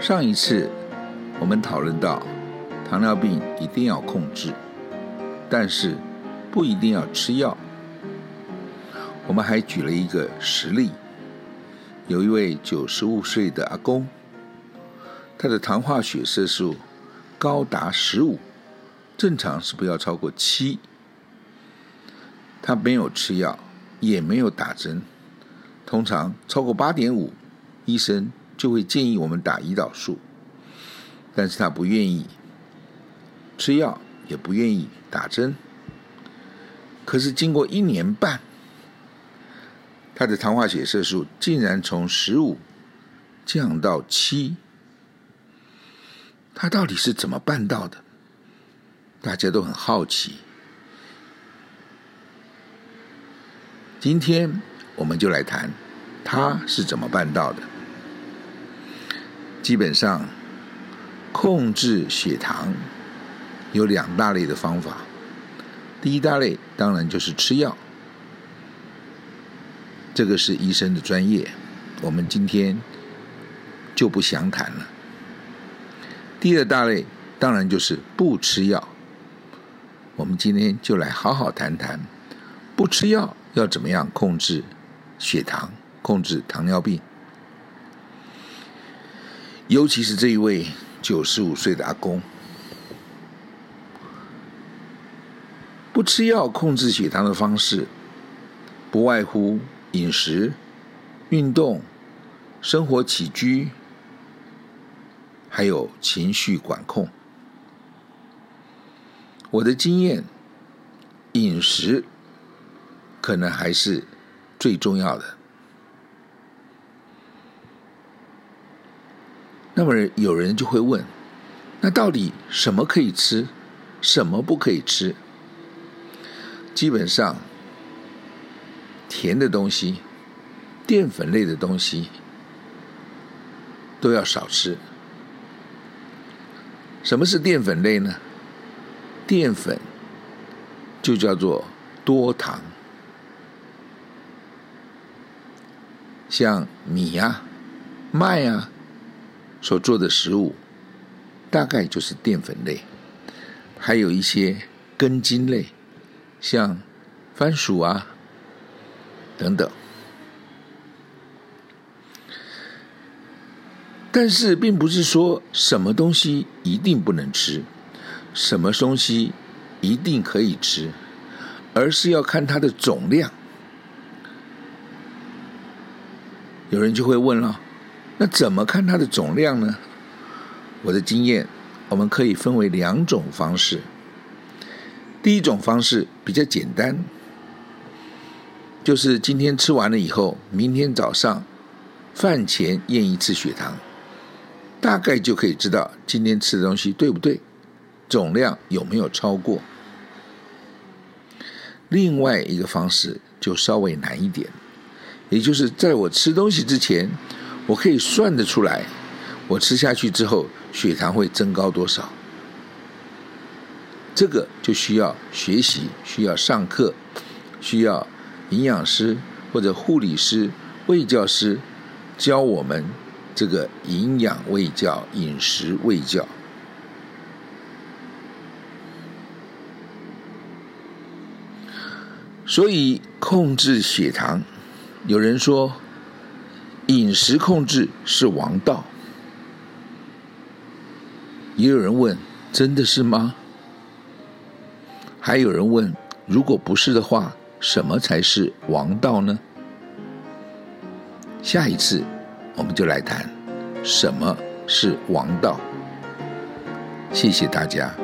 上一次我們討論到，糖尿病一定要控制，但是不一定要吃藥。我們還舉了一個實例，有一位九十五歲的阿公，他的糖化血色素高達十五，正常是不要超過七。他沒有吃藥，也沒有打針，通常超過八點五，醫生。就會建議我們打胰島素，但是他不願意吃藥，也不願意打針。可是經過一年半，他的糖化血色素竟然從十五降到七。他到底是怎麼辦到的？大家都很好奇。今天我們就來談他是怎麼辦到的。基本上，控制血糖有兩大類的方法。第一大類當然就是吃藥，這個是醫生的專業，我們今天就不詳談了。第二大類當然就是不吃藥，我們今天就來好好談談不吃藥要怎麼樣控制血糖、控制糖尿病。尤其是這一位九十五歲的阿公，不吃藥控制血糖的方式，不外乎飲食、運動、生活起居，還有情緒管控。我的經驗，飲食可能還是最重要的。那麼有人就會問，那到底什麼可以吃，什麼不可以吃？基本上，甜的東西、澱粉類的東西都要少吃。什麼是澱粉類呢？澱粉就叫做多糖，像米呀、麥呀。所做的食物，大概就是澱粉類，還有一些根莖類，像番薯啊，等等。但是，並不是說什麼東西一定不能吃，什麼東西一定可以吃，而是要看它的總量。有人就會問了。那怎麼看它的總量呢？我的經驗，我們可以分為兩種方式。第一種方式比較簡單，就是今天吃完了以後，明天早上飯前驗一次血糖，大概就可以知道今天吃的東西對不對，總量有沒有超過。另外一個方式就稍微難一點，也就是在我吃東西之前。我可以算得出來，我吃下去之後血糖會增高多少？這個就需要學習，需要上課，需要營養師或者護理師、衛教師教我們這個營養衛教、飲食衛教。所以控制血糖，有人說。飲食控制是王道，也有人問，真的是嗎？還有人問，如果不是的話，什麼才是王道呢？下一次我們就來談什麼是王道。謝謝大家。